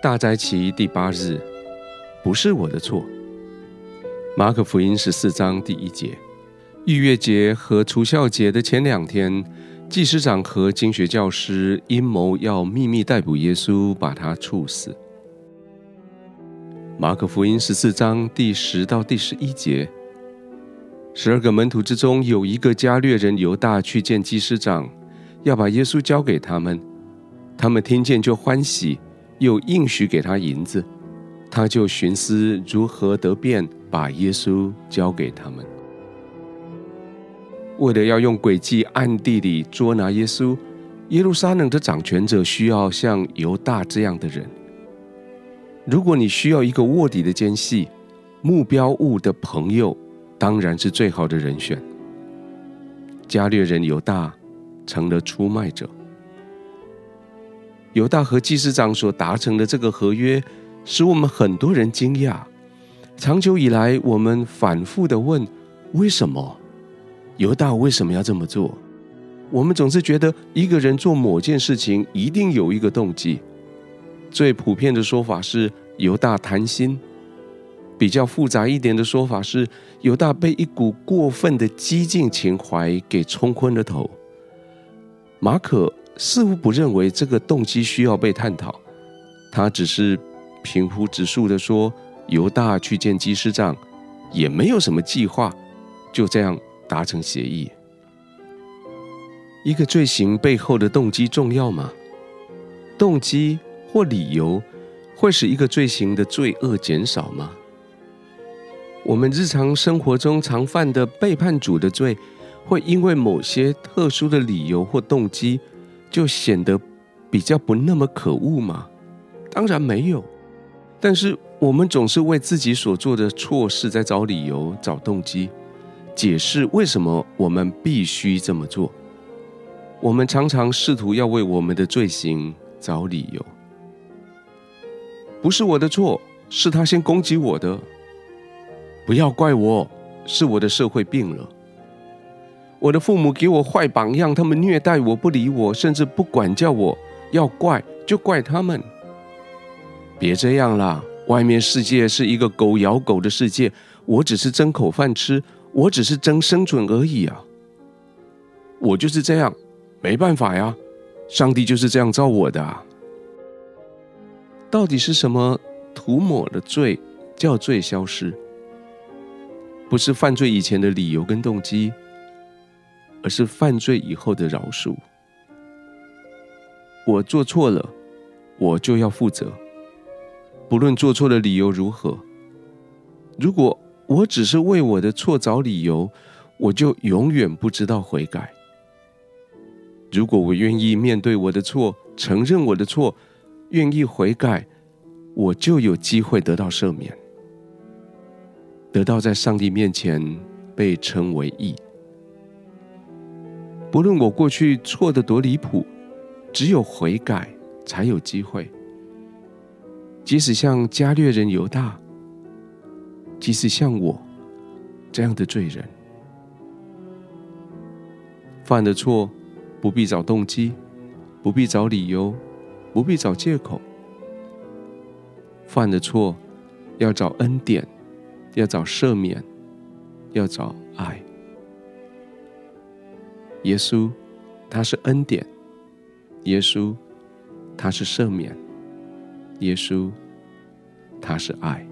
大齋期第八日，不是我的錯。馬可福音十四章第一節，逾越節和除酵節的前兩天，祭司長和經學教師陰謀要秘密逮捕耶穌，把他處死。馬可福音十四章第十到第十一節，十二個門徒之中有一個加略人猶大去見祭司長，要把耶穌交給他們。他們聽見就歡喜。又應許給他銀子，他就尋思如何得便，把耶穌交給他們。為了要用詭計暗地裡捉拿耶穌，耶路撒冷的掌權者需要像猶大這樣的人。如果你需要一個臥底的奸細，目標物的朋友當然是最好的人選。加略人猶大成了出賣者。猶大和祭司長所達成的這個合約，使我們很多人驚訝。長久以來，我們反覆地問：為什麼？猶大為什麼要這麼做？我們總是覺得一個人做某件事情一定有一個動機。最普遍的說法是猶大貪心；比較複雜一點的說法是猶大被一股過分的激進情懷給沖昏了頭。馬可。似乎不認為這個動機需要被探討，他只是平鋪直敘地說：“猶大去見祭司長，也沒有什麼計劃，就這樣達成協議。”一個罪行背後的動機重要嗎？動機或理由會使一個罪行的罪惡減少嗎？我們日常生活中常犯的背叛主的罪，會因為某些特殊的理由或動機，就顯得比較不那麼可惡嗎？當然沒有，但是我們總是為自己所做的錯事在找理由、找動機，解釋為什麼我們必須這麼做。我們常常試圖要為我們的罪行找理由，不是我的錯，是他先攻擊我的，不要怪我，是我的社會病了。我的父母給我壞榜樣，他們虐待我、不理我，甚至不管教我。要怪就怪他們。別這樣啦。外面世界是一個狗咬狗的世界。我只是爭口飯吃，我只是爭生存而已啊。我就是這樣，沒辦法呀、啊。上帝就是這樣造我的、啊。到底是什麼塗抹了罪，叫罪消失？不是犯罪以前的理由跟動機。是犯罪以後的饒恕。我做錯了，我就要負責，不論做錯的理由如何。如果我只是為我的錯找理由，我就永遠不知道悔改。如果我願意面對我的錯，承認我的錯，願意悔改，我就有機會得到赦免，得到在上帝面前被稱為義。不論我過去錯得多離譜，只有悔改才有機會。即使像加略人猶大，即使像我這樣的罪人，犯的錯，不必找動機，不必找理由，不必找借口。犯的錯，要找恩典，要找赦免，要找愛。耶穌，他是恩典；耶穌，他是赦免；耶穌，他是愛。